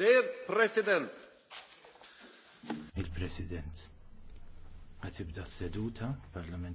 Dear President. Il-President. Għatibda s-seduta parlament